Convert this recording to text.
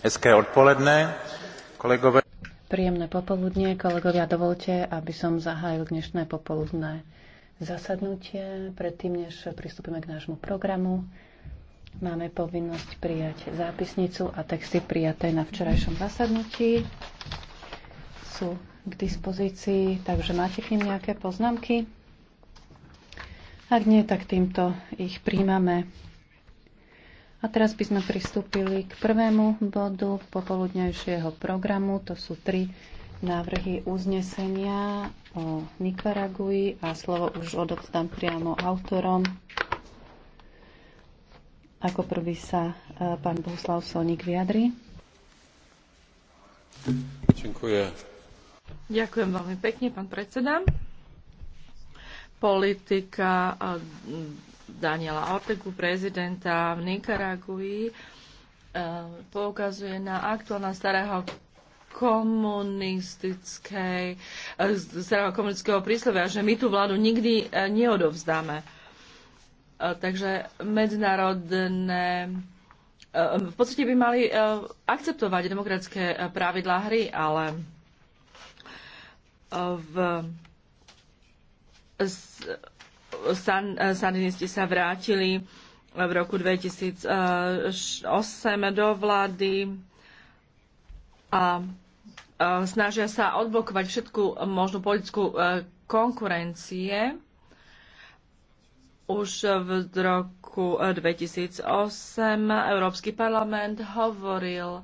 Hezké odpoledne, kolegové. Príjemné popoludne, kolegovia, dovolte, aby som zahájil dnešné popoludné zasadnutie. Predtým, než pristúpime k nášmu programu, máme povinnosť prijať zápisnicu a texty prijaté na včerajšom zasadnutí sú k dispozícii, takže máte k nim nejaké poznámky? Ak nie, tak týmto ich príjmame. A teraz by sme pristúpili k prvému bodu popoludnejšieho programu. To sú tri návrhy uznesenia o Nikaragui a slovo už odovzdám priamo autorom. Ako prvý sa e, pán Bohuslav Solník vyjadri. Ďakujem Ďakujem veľmi pekne, pán predseda. Politika Daniela Ortegu, prezidenta v Nikaragui, e, poukazuje na aktuálna starého komunistickej, e, starého komunistického príslovia, že my tú vládu nikdy e, neodovzdáme. Takže medzinárodné v podstate by mali akceptovať demokratické pravidlá hry, ale v san, sandinisti sa vrátili v roku 2008 do vlády a e, snažia sa odblokovať všetku možnú politickú e, konkurencie. Už v roku 2008 Európsky parlament hovoril